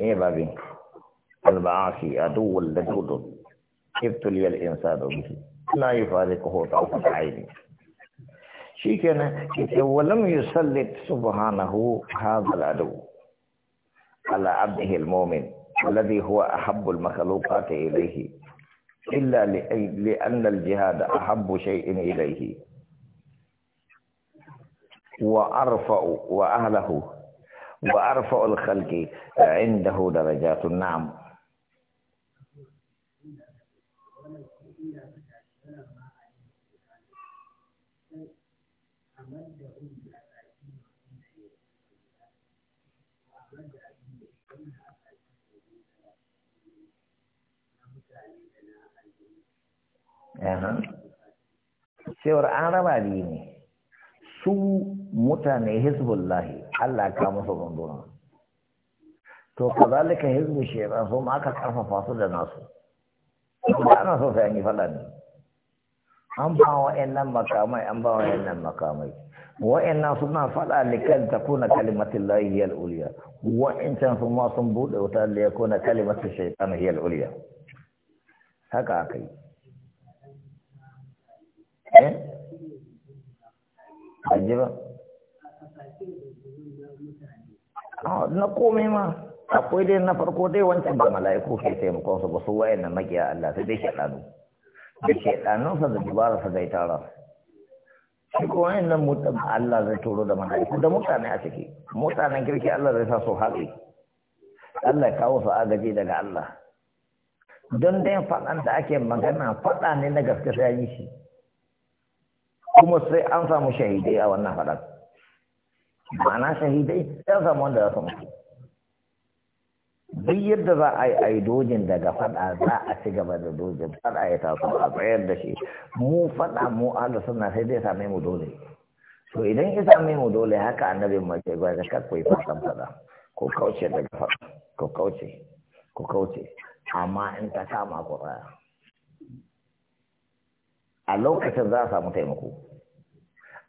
ايه بابي المعاصي عدو لدود ابتلي الانسان به لا يفارقه العين شي شيكنا ولم يسلط سبحانه هذا العدو على عبده المؤمن الذي هو أحب المخلوقات إليه إلا لأن الجهاد أحب شيء إليه وأرفع وأهله وأرفع الخلق عنده درجات نعم cewar an raba biyu ne su mutane hezbollah حل أكرمه بندونا تو كذلك هزم الشيب أنه ما كتعرف فاصل لناسو أنا سوف يعني فلان أم با وإن لم مقامي أم با وإن لم مقامي وإن سنة فلا لكي تكون كلمة الله هي الأولية وإن تنسوا ما سنبود وتال ليكون كلمة الشيطان هي الأولية هكا أكي إيه أجيبه Ah, na komai ma akwai dai na farko dai wancan ba mala'iku ke taimakon su ba su wayan na magiya Allah sai dai shaɗanu da shaɗanun sa da dubara sa zai tara shi ko wayan nan mutum Allah zai turo da mala'iku da mutane a ciki mutanen kirki Allah zai sa su haɗe Allah ya kawo su agaji daga Allah don dai faɗan da ake magana faɗa ne na gaske sai yi shi kuma sai an samu shahidai a wannan faɗan ma'ana shahidai ɗan samu wanda za su duk yadda za a yi a yi dojin daga fada za a ci gaba da dojin fada ya taso a tsayar da shi mu fada mu ala suna sai zai same mu dole to idan ya same mu dole haka mu ce ba kar kakko yi fasan fada ko kauce daga fada ko kauce ko kauce amma in ta kama ku tsaya a lokacin za a samu taimako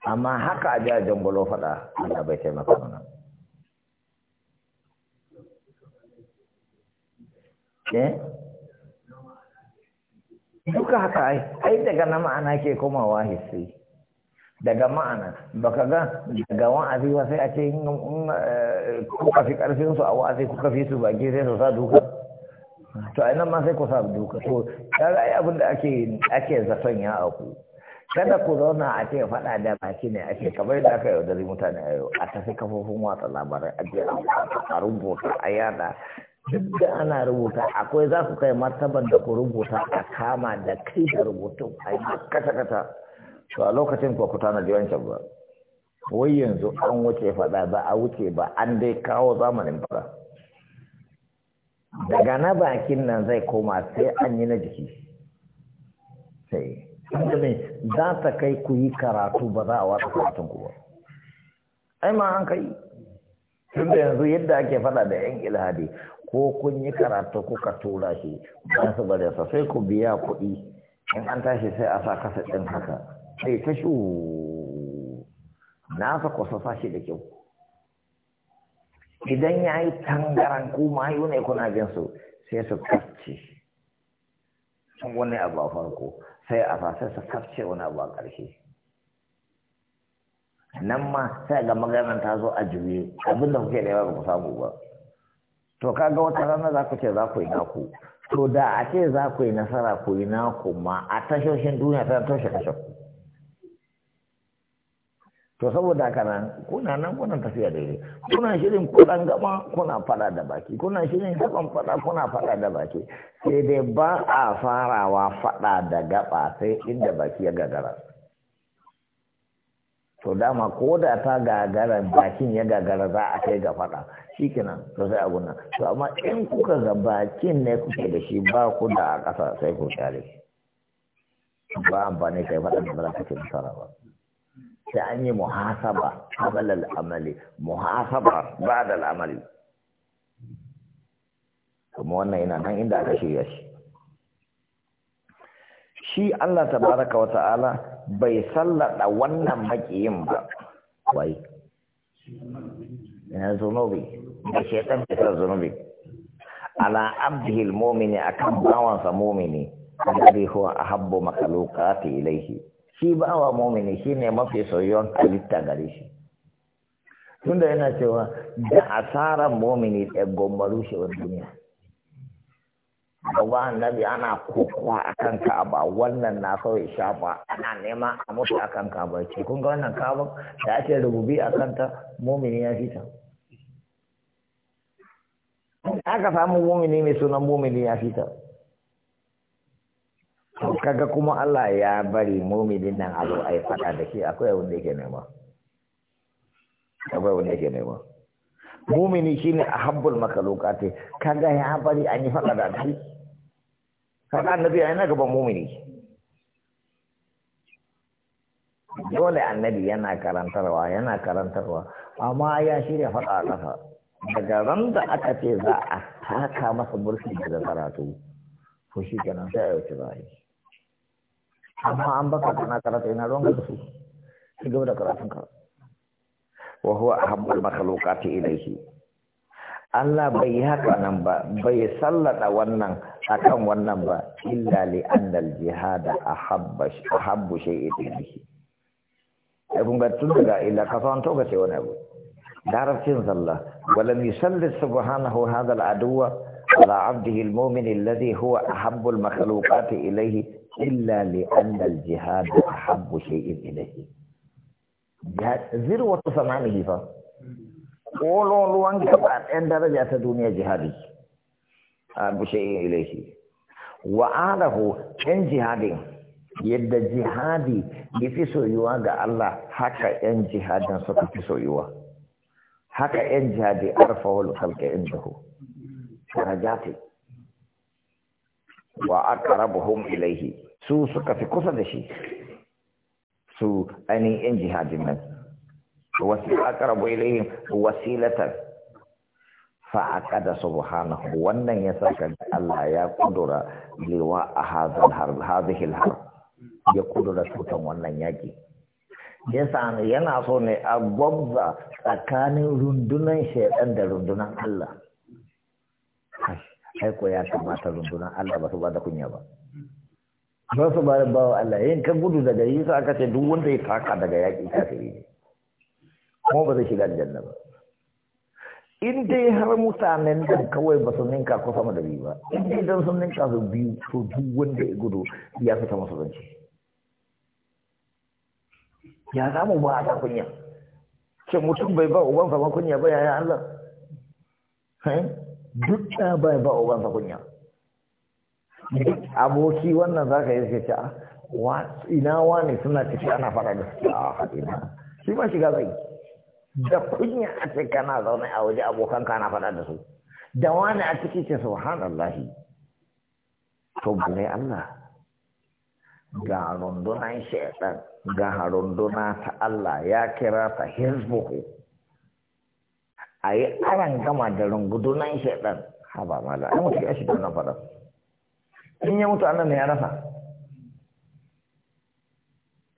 amma haka a jajen gwalo faɗa Allah bai taimaka eh? duka haka ai ai daga na ma'ana ke komawa hisi, daga ma'ana baka ga daga wa'azi wa sai a ce in eh, kuka fi karfin su a wa'azi kuka fi su ba sai su sa duka to a nan ma sai ku sa duka to kaga ai abin da ake ake zaton ya aku kada ku zauna a ce faɗa da baki ne ake kamar da aka yaudari mutane a yau a tafi kafofin watsa labarai a je a rubuta a yada duk da ana rubuta akwai za ku kai martaban da ku rubuta a kama da kai da rubutun a yi kata-kata to a lokacin ku ku na ba wai yanzu an wuce faɗa ba a wuce ba an dai kawo zamanin ba daga na bakin nan zai koma sai an yi na jiki sai inda ne za ta kai ku yi karatu ba za a wata karatun ku ba ai ma an kai tunda yanzu yadda ake fada da yan ilhadi ko kun yi karatu kuka tura shi ba su bari sa sai ku biya kuɗi in an tashi sai a sa kasa ɗin haka sai ta shu na sa kwasa sashi da kyau idan ya yi tangaran ku ma yi ne kuna jin su sai su kacce wani abu a farko sai a fasarsa su kafce wani abu a ƙarshe nan ma sai ga maganar ta zo a juye abinda kuke da yawa ba ku samu ba to kaga wata rana za ku ce za ku yi naku to da a ce za ku yi nasara ku yi naku ma a tashoshin duniya ta toshe kashe ku to saboda haka nan kuna nan kuna tafiya daidai kuna shirin kudan gama kuna fada da baki kuna shirin gaban fada kuna fada da baki sai dai ba a farawa fada da gaba sai inda baki ya gagara to dama ko da ta gagara bakin ya gagara za a kai ga fada shikenan to sai abun nan to amma in kuka ga bakin ne kuke da shi ba ku da a ƙasa sai ku kare, ba amfani kai fada da ba za ka ci nasara ba sai an yi muhasaba qabla al-amali muhasaba ba'da al-amali kuma wannan yana nan inda aka shirya shi shi Allah tabaraka wa ta'ala bai sallada wannan makiyin ba wai ina zunubi da shaitan da zunubi ala abdihi al-mu'mini akan bawansa mu'mini alladhi huwa ahabbu makhluqati ilayhi shi ba wa momini shi ne mafi soyuwan halitta gare shi tunda yana cewa da asarar mumini ɗaya shi wani duniya Gaba annabi ana kokowa a kan kaba wannan na kawai shafa ana nema a mutu a kan kaba ce kun ga wannan kaba da ake rububi a kanta momini ya fita aka samu momini mai sunan momini ya fita kaga kuma Allah ya bari muminin nan abu a yi faɗa da shi akwai wanda yake nema akwai wanda yake nema mumini ne a habbul lokaci kaga ya bari an yi faɗa da shi kaga annabi yana gaban mumini dole annabi yana karantarwa yana karantarwa amma ya shirya faɗa a ƙasa daga ran da aka ce za a taka masa burki daga karatu ko shi kenan sai a yauci zai amma an baka kana karatu ina ruwan ka su ki gaba da karatun ka wa huwa ahabbul makhluqati ilayhi Allah bai yi haka nan ba bai sallada wannan akan wannan ba illa li annal jihada ahabba ahabbu shay'in ilayhi ai kun ga tun daga illa ka fa to ka ce wani abu darafin sallah walam yusalli subhanahu hadha al-aduwa ala abdihi al-mu'min alladhi huwa ahabbul makhluqati ilayhi إلا لأن الجهاد أحب شيء إليه جهاد ذر وتسمعني جيفا قولوا لوان كبار إن درجة دنيا جهادي أحب شيء إليه وآله إن جهادي يد جهادي يفسو يواغ الله حكا إن جهاد نصف يفسو يواغ حكا إن جهادي أرفعه الخلق عنده درجاتي وأقربهم إليه su suka fi kusa da shi su ainihin yan jihadin nan wasu akarabu ilayin wasilatar fa da subhanahu wannan ya saka Allah ya kudura liwa a hazihil har ya kudura tutan wannan yaki ya sami yana so ne a gwabza tsakanin rundunan shaidan da rundunan Allah ai ko ya kamata rundunan Allah ba su ba da kunya ba ba su ba bawa Allah yin ka gudu daga yi sa aka ce duk wanda ya taka daga yaƙi kafiri ne kuma ba zai shiga aljanna ba in dai har mutanen da kawai ba su ninka ko sama da biyu ba in dai dan sun ninka su biyu to duk wanda ya gudu ya fita masu zance ya za mu ba ta kunya ce mutum bai ba ubansa ba kunya ba yaya Allah eh? duk ɗaya bai ba ubansa kunya aboki wannan za ka yi suke ce ah, ina wani suna tafi ana fara da su a haɗina shi ma shiga zai da kunya a ce kana zaune a waje abokan kana fara da su da wani a ciki ce subhanallahi to bale Allah ga rundunan shaidan ga rundunan ta Allah ya kira ta hezbo a yi aran gama da rungudunan shaidan haba mala ya mutu ya shi da wannan fara in ya mutu annan ne ya rasa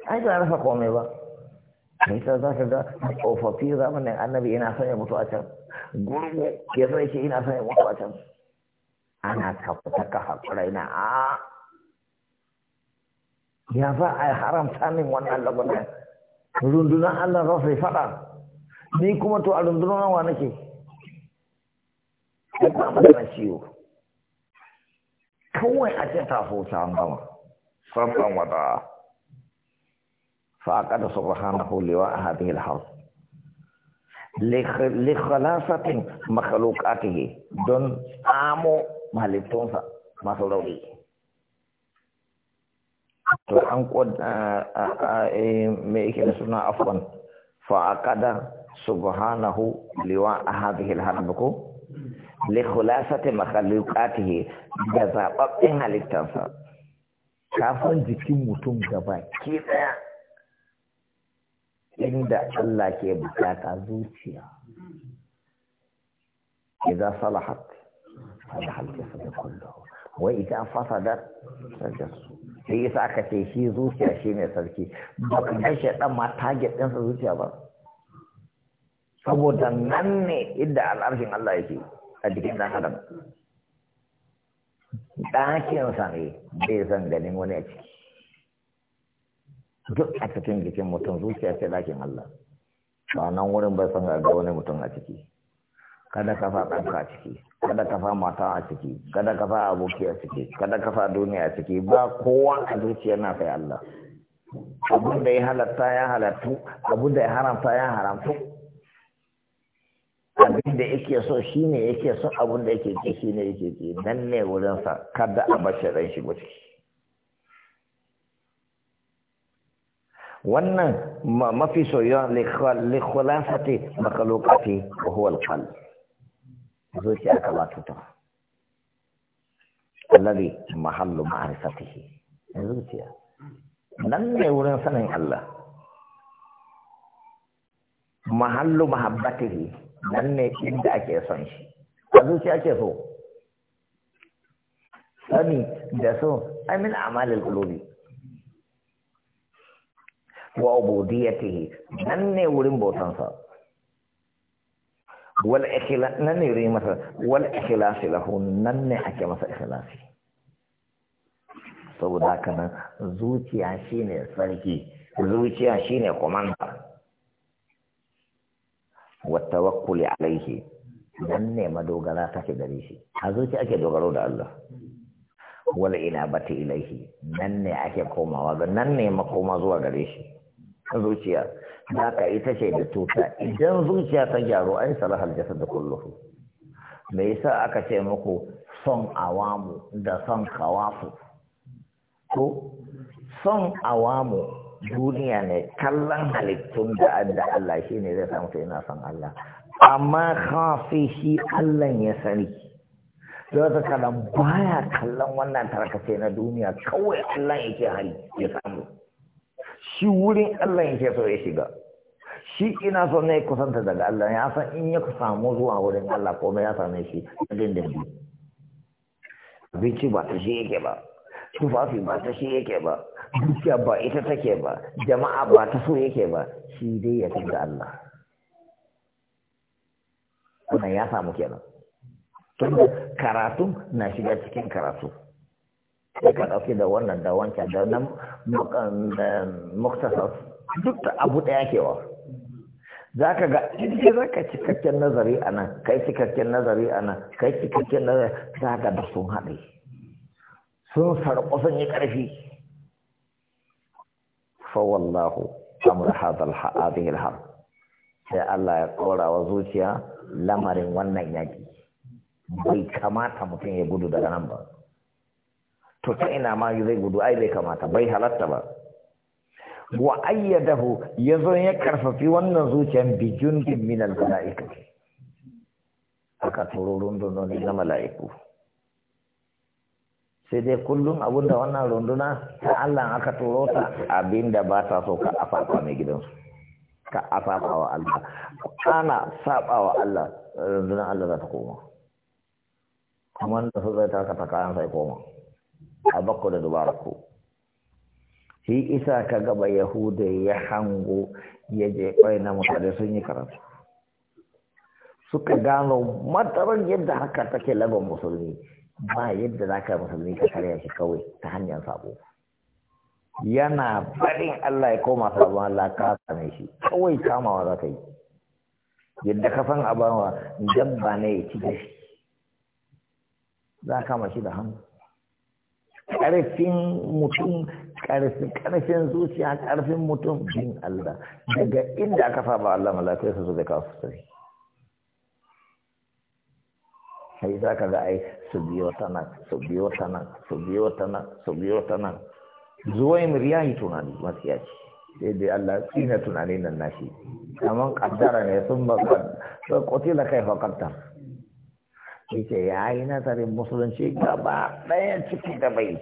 ai ba rasa komai ba sai ta za ka ga tsofaffi zamanin annabi ina son ya mutu a can gurgu ya zai ce ina son ya mutu a can ana tabbata ka haƙura ina a ya za a haramta min wannan lagunan rundunar allah za su yi faɗa ni kuma to a rundunar wa nake ya mu da ciwo kawai a ce ta huta an gama sabban wata فأقد سبحانه لواء هذه الحرب لخلاصة مخلوقاته دون آمو مهلتونسا ما سلولي to an me yake da suna afwan fa aqada subhanahu liwa hadhihi alharb ko li khulasati makhluqatihi da zababbin halittarsa kafin jikin mutum gaba ke daya inda Allah ke bukata zuciya idza salahat salahat jasad kulluhu wa idza fasadat fasadat sai yasa aka ce shi zuciya ne sarki ba ka kashe dan ma target ɗinsa zuciya ba saboda nan ne inda al'arshin Allah yake a jikin ɗan adam ɗakinsa ne bai zan ganin wani a ciki duk a cikin jikin mutum zuciya ce ɗakin Allah ba nan wurin bai san ga wani mutum a ciki kada ka fa ɗanka a ciki kada ka fa mata a ciki kada ka fa aboki a ciki kada ka fa duniya a ciki ba kowa a zuciya na kai Allah abun da ya halatta ya halattu abun da ya haramta ya haramtu abin da yake so shi ne yake so abin da yake ke shi ne yake ke nan ne wurinsa kada a bashi ran shi gudu wannan mafi soyuwa likhulasati makalokati wa huwa alqal aka ba tuta alladhi mahallu ma'rifatihi zuciya nan ne wurin sanin Allah mahallu mahabbatihi nan ne inda ake son shi a zuciya ake so sani da so amin amalin qulubi wa yi nan ne wurin botansa wal ikhlas nan ne wurin masa wal ikhlas lahu nan ne ake masa ikhlasi saboda haka nan zuciya shine sarki zuciya shine komanda Wata والتوكل don nema dogara ta ke gare shi a zuci ake dogaro da Allah wal inabati ilaihi nan ne ake komawa ga nan ne makoma zuwa gare shi zuciya za ka ita ce da tuta idan zuciya ta gyaro ai salahal jasad kulluhu me yasa aka ce muku son awamu da son kawafu ko son awamu duniya ne kallon halittun da da Allah shi ne zai samu sai na san Allah amma kafi shi Allah ya sani don ta kada baya kallon wannan tarkace na duniya kawai Allah yake hali ya samu shi wurin Allah yake so ya shiga shi ina so ne kusanta daga Allah ya san in ya samu zuwa wurin Allah ko komai ya same shi dindindin abinci ba ta shi yake ba tufafi ba ta shi yake ba dukiya ba ita take ba jama'a ba ta so yake ba shi dai ya da Allah wannan ya samu kenan Tun karatu na shiga cikin karatu sai ka ɗauki da wannan da wancan da nan muktasar duk da abu ɗaya kewa za ka ga inda za ka cikakken nazari a nan kai cikakken nazari a nan kai cikakken nazari za ka da sun haɗe sun sarƙo sun yi ƙarfi fa wallahu hadal hadhihi sai Allah ya kora wa zuciya lamarin wannan yaki bai kamata mutum ya gudu daga nan ba to ta ina ma zai gudu ai bai kamata bai halatta ba wa ayyadahu yazo ya karfafi wannan zuciyan bi jundin min al aka turo rundunoni na mala'iku sai dai kullum abin da wannan runduna ta Allah aka turo ta abin da ba ta so ka afafa mai gidansu ka afafa wa Allah ana saba wa Allah rundunar Allah za ta koma kuma da su zai taka ta kayan sai koma a bakko da dubara shi isa ka gaba yahuda ya hango ya je kwai na mutane sun yi karatu suka gano mataron yadda haka take lagon musulmi ba yadda za ka musulmi ka karya shi kawai ta hanyar sabo yana barin Allah ya koma sabon Allah ka same shi kawai kamawa za ka yi yadda ka san abawa dabba ne ya ci da shi za kama shi da hannu ƙarfin mutum ƙarfin zuciya ƙarfin mutum jin Allah daga inda aka saba Allah malakai su zai kawo su sai za ka ga ai su biyo ta nan su biyo ta nan su biyo ta nan su biyo ta nan yin ya yi tunani masu yaci sai dai Allah tsina tunani nan nashi amma kaddara ne sun ba sai da kai fakarta yace ya yi nazarin musulunci gaba ɗaya ciki da bai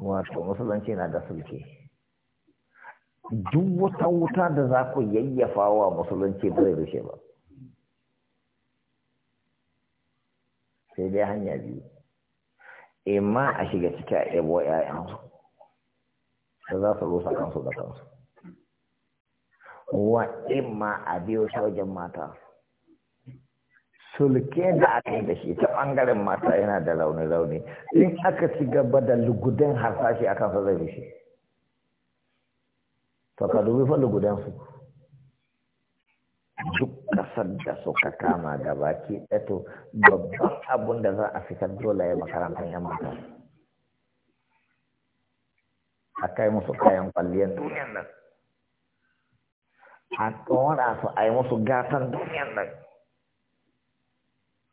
wato musulunci na da sulke duk wata wuta da za ku yayyafa wa musulunci bai rushe ba sai dai hanya biyu imma a shiga ciki a ɗabo ‘ya'yansu da za su rusa kansu da kansu wa imma a biyo ta mata sulke da aka yi da shi ta ɓangaren mata yana da rauni-rauni in aka ci gaba da lugudan harsashi a kansu zai rushe to ka dubi fa lugudansu duk kasar da suka kama da baki ɗato babban abun da za a fitar dole ya makarantar yan mata a kai musu kayan kwalliyar duniyar nan a tsora su a yi musu gatan duniyar nan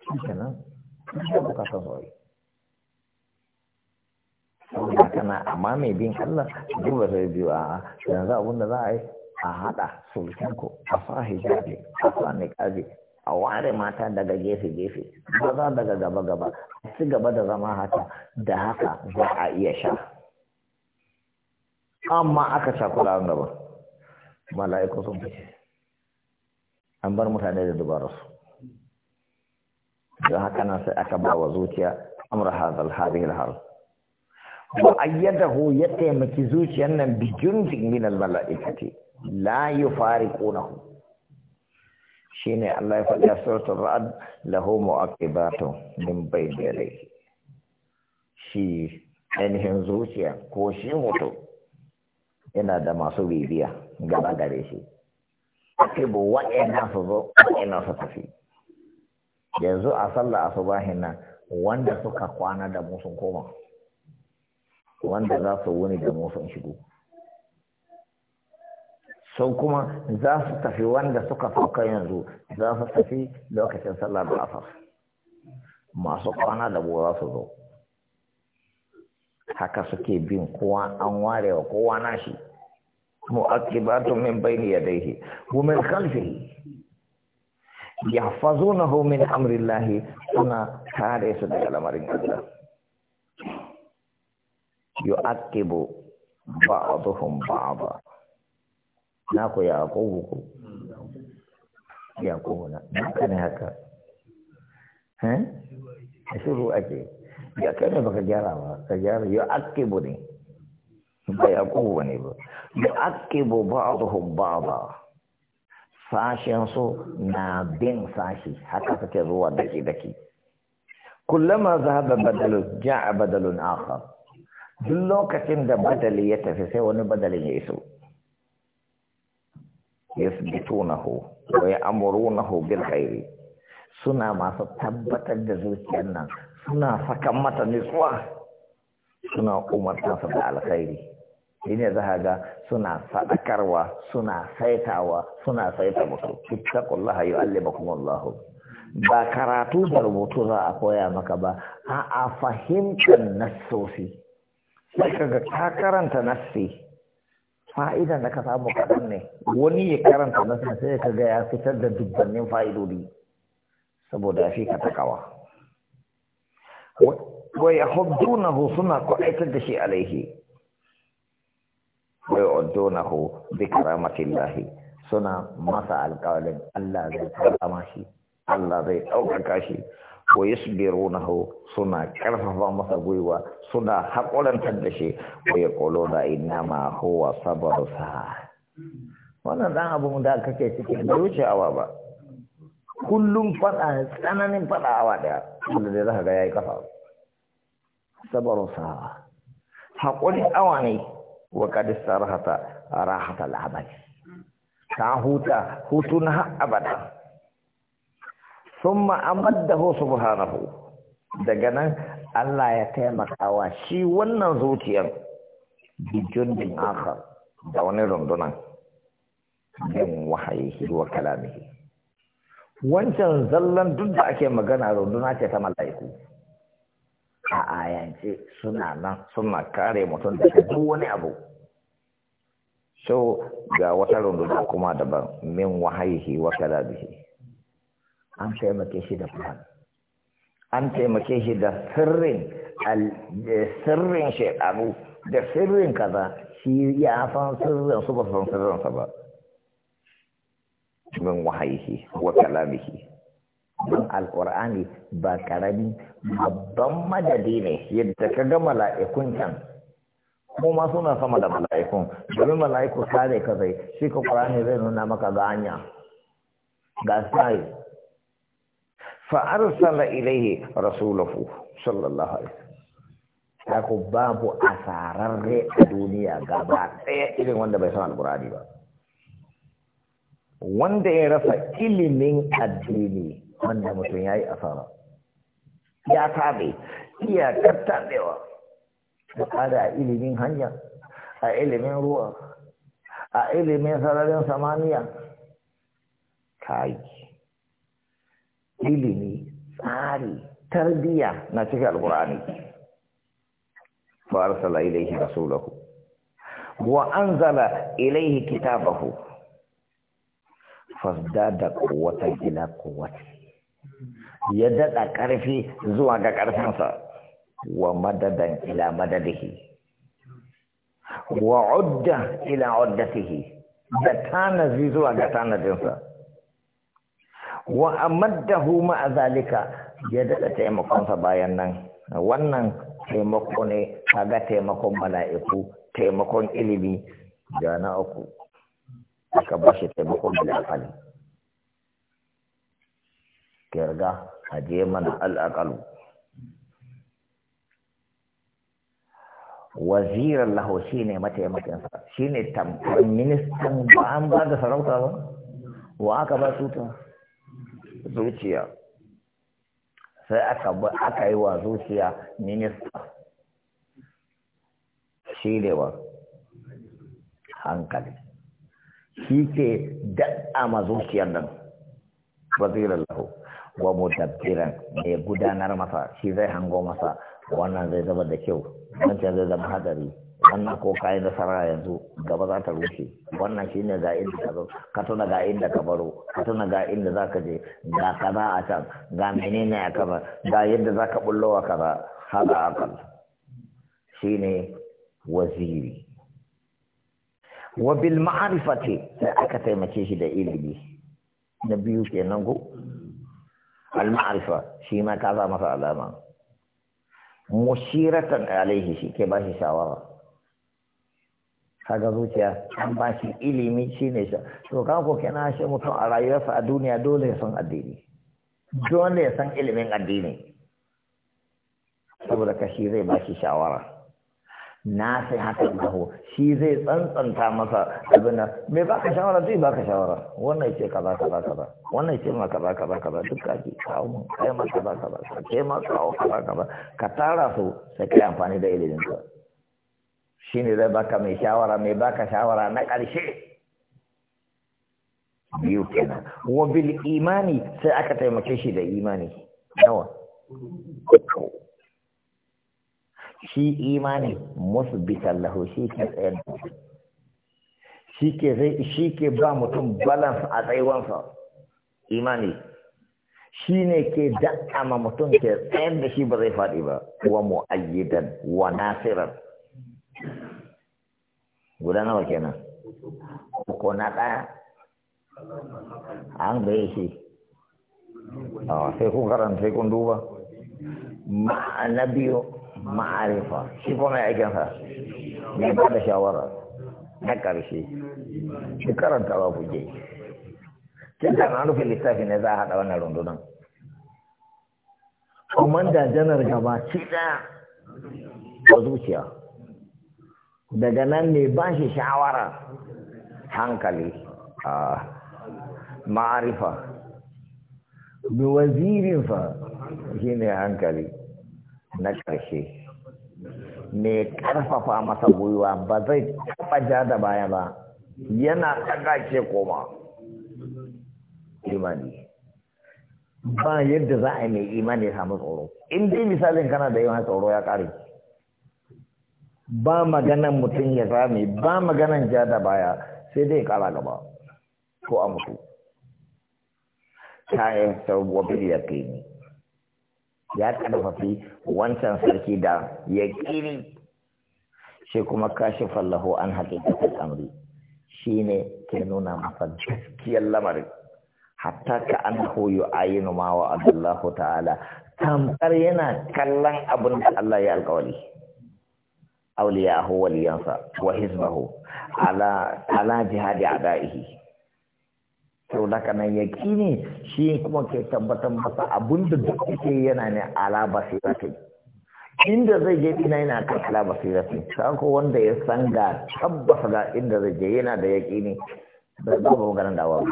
shi kenan ya bukatar zuwa kana amma mai bin Allah duk ba zai biyu a yanzu abun da za a yi a haɗa sulkanku a sa hijabi a sa niƙabi a ware mata daga gefe-gefe za daga gaba-gaba a ci gaba da zama haka da haka za a iya sha amma aka kula an gaba mala'iku sun fice an bar mutane da dubararsu don haka nan sai aka ba wa zuciya amra hazal hadhihi al ko ayyadahu ya taimaki zuciyar nan bijundin min al mala'ikati لا يفارقونه shine Allah ya faɗi a له مؤكبات من بين min شي انهم shi كوشي zuciya ko shi yana da masu bibiya gaba gare shi akibu wa'ina su zo wa'ina su tafi yanzu a sallah asubahin nan wanda suka kwana da koma wanda za su wuni da mu shigo sau kuma za su tafi wanda suka sauka yanzu za su tafi lokacin sallar asar masu kwana da buwa su zo haka suke bin kowa an ware wa kowa nashi mu'aqibatun min bayni yadayhi wa min khalfihi na min amrillahi suna kare su daga lamarin ba a yu'aqibu ba'dhum ba. na ku yaƙubu ku yaƙubu na haka ne haka eh? a shiru ake ya kai ne baka gyara ba ka gyara ya ake bu ne ba yaƙubu ba ne ba ya ake bu ba da zuhun ba ba sashen su na bin sashi haka suke zuwa daki-daki kullama zahaba badalun ja'a badalun akhar duk lokacin da badali ya tafi sai wani badalin ya iso yasbitunahu wa ya'murunahu bil khairi suna masu tabbatar da zuciyar nan suna saka mata nutsuwa suna umartansa da alkhairi shine za ga suna sadakarwa suna saitawa suna saita musu ittaqullaha yu'allimukum Allah ba karatu da rubutu za a koya maka ba a a fahimtar nassosi sai kaga ka karanta nassi fa'idan da ka samu kaɗan ne wani ya karanta nasa sai ka ga ya fitar da dubbannin fa'idodi saboda ya fi ka takawa wa ya hu suna kwaɗaitar da shi alaihi hudu na hu bi karamatin lahi suna masa alƙawarin Allah zai karama shi Allah zai ɗaukaka shi wa yusbirunahu suna karfafa masa gwiwa suna haƙurantar da shi wa da inna ma huwa sabar sa wannan dan abun da kake cikin da awa ba kullum fada tsananin fada awa daya wanda da zaka ga yayi kafa sabar sa haƙuri awa ne wa qad sarhata rahatal abad ta huta hutun abada summa amaddahu subhanahu daga nan Allah ya taimakawa shi wannan zuciyar bijundin akhar da wani rundunan bin wahayihi wa kalami wancan zallan duk da ake magana runduna ce ta mala'iku a ayance suna nan suna kare mutum da duk wani abu so ga wata runduna kuma daban min wahayi wa kalamihi an taimake shi da fuhan an taimake shi da sirrin eh, sirrin shekaru da sirrin kaza shi ya san sirrin su ba san sirrinsa ba min wahayi wa kalamihi don alqur'ani ba ƙarami babban madadi ne yadda ka ga mala'ikun can kuma suna sama da mala'ikun domin mala'iku sare ka zai shi ka qur'ani zai nuna maka ga hanya ga sai فأرسل إليه رسوله صلى الله عليه وسلم ko babu asararre a duniya gaba ɗaya irin wanda bai san alkurani ba wanda ya rasa ilimin addini wanda mutum ya yi asara ya taɓe iyakar taɓewa tsada a ilimin hanya a ilimin ruwa a ilimin sararin samaniya ilimi tsari tarbiya na cikin alkur'ani fa arsala ilayhi rasulahu wa anzala ilayhi kitabahu fasdada quwwatan ila quwwati ya dada karfi zuwa ga sa wa madadan ila madadihi wa udda ila uddatihi da tanazi zuwa ga sa. wa amaddahu ma'a zalika ya daɗa taimakonsa bayan nan wannan taimako ne kaga taimakon mala'iku taimakon ilimi da na uku aka ba shi taimakon bilafali kirga a je mana al'akalu wazirar laho shi ne mataimakinsa shi ne tamkar ministan ba an ba da sarauta ba wa aka ba tuta zuciya sai aka aka yi wa zuciya minista shirewa hankali shi ke daɗa ma zuciyar nan wazirar lahu wa mutabbiran mai gudanar masa shi zai hango masa wannan zai zama da kyau wancan zai zama hadari wannan ko kayan nasara yanzu gaba za ta rushe wannan shi ne ga inda ka zo ka tuna ga inda ka baro ka tuna ga inda za ka je ga kaza a can ga menene a kaza ga yadda za ka wa kaza haɗa akal shi ne waziri Wabil ma'arifa ma'arifati sai aka taimake shi da ilimi na biyu ke ko al ma'arifa shi ma ka za masa alama mushiratan alaihi shi ke ba shi shawara kaga zuciya an ba shi ilimi shi ne shi to kan ko kena shi mutum a rayuwarsa a duniya dole ya san addini dole ya san ilimin addini saboda ka shi zai ba shi shawara na sai haka daho shi zai tsantsanta masa abin nan me ba ka shawara zai ba ka shawara wannan ce kaza kaza kaza wannan ce ma kaza kaza kaza duk ka ji kawo mun kai ma kaza kaza kai ma kawo kaza kaza ka tara su sai kai amfani da ilimin ka shi ne zai baka mai shawara mai baka shawara na ƙarshe biyu kenan wa bil imani sai aka taimake shi da imani nawa shi imani musu lahu shi ke tsaye shi ke zai shi ke ba mutum balance a tsayuwansa imani shi ne ke da'ama mutum ke tsayar da shi ba zai faɗi ba wa mu'ayyidan wa nasiran guda nawa kenan uku na ɗaya an bai shi sai kun karanta sai kun duba na biyu ma'arifa shi kuma ya aikinsa ne ba da shawara na ƙarshe shi karanta ba kuje tun da na rufe littafi ne za a haɗa wannan rundunan komanda janar gaba ci ɗaya a zuciya daga nan ne ba shi shawara hankali a ah. ma'arifa da fa shi ne hankali na ƙarshe ne ƙarfafa masa gwiwa ba zai taɓa ja da baya ba yana ke koma imani ba yadda za a yi mai imani samu tsoro in dai misalin kana da yawan tsoro ya ƙare ba maganan mutum ya zame ba maganan ja da baya sai dai kara gaba ko a mutu kayan sabuwar ya kai ya karfafi wancan sarki da ya kiri shi kuma kashi fallahu an haƙiƙatar amri shi ne ke nuna masa gaskiyar lamarin hatta ka an koyo a yi wa abdullahu ta'ala tamkar yana kallon abin da Allah ya alkawari. auliyahu waliyansa wa hizbahu ala ala jihadi adaihi to da kana ne shi kuma ke tabbatar masa abinda duk yake yana ne ala basirati inda zai je ina yana kan ala basirati sai ko wanda ya san ga tabbas ga inda zai je yana da ne da ba magana da wa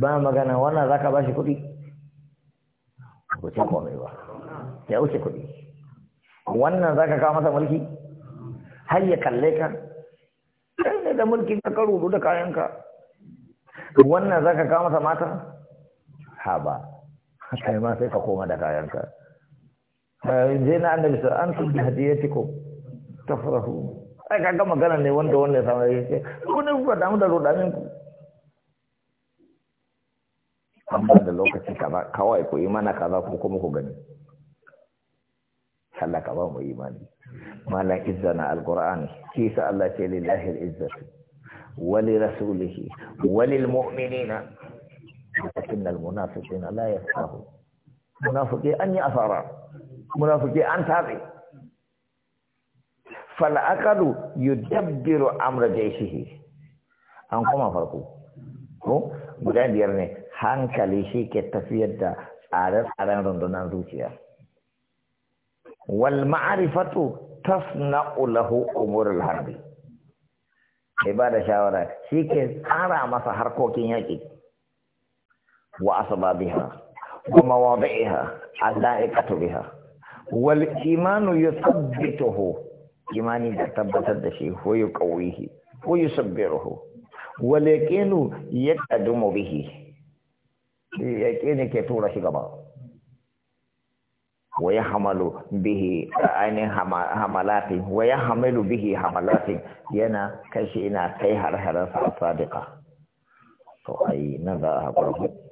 ba magana wannan zaka bashi kuɗi ko ce komai ba ya wuce kuɗi wannan za ka kawo masa mulki har ya kalle ka kai ne da mulki ka du da kayanka wannan za ka kawo masa mata ha ba kai ma sai ka koma da kayanka zai na annabi sai an tun da hadiyatikum tafrahu ai ka ga magana ne wanda wanda ya samu ya ce ko ne ku damu da rodamin ku amma da lokaci ba kawai ku yi mana kaza ku kuma ku gani Allah ka ba mu imani malan izza na alqur'ani shi sa Allah ce lillahi al-izzatu wa li rasulihi wa lil mu'minina lakin al munafiqina la yafqahu munafiqi an yi asara munafiqi an tabi fal aqalu yudabbiru amra jayshihi an kuma farko ko guda biyar ne hankali shi ke tafiyar da tsare-tsaren rundunar zuciya wal ma'arifatu tasna'u lahu umurul harbi sai ba shawara shi ke tsara masa harkokin yaƙi wa asbabiha wa mawadi'iha allaiqatu biha wal imanu yuthabbituhu imani da tabbatar da shi ko yuqawihi ko yusabbiruhu wal yaqinu yaqdamu bihi yaqini ke tura shi gaba wa ya hamalu bihi ainihin hamalatin wa ya hamalu bihi hamalatin yana kashi ina kai har-harar sadiqa to ai nan za a haƙura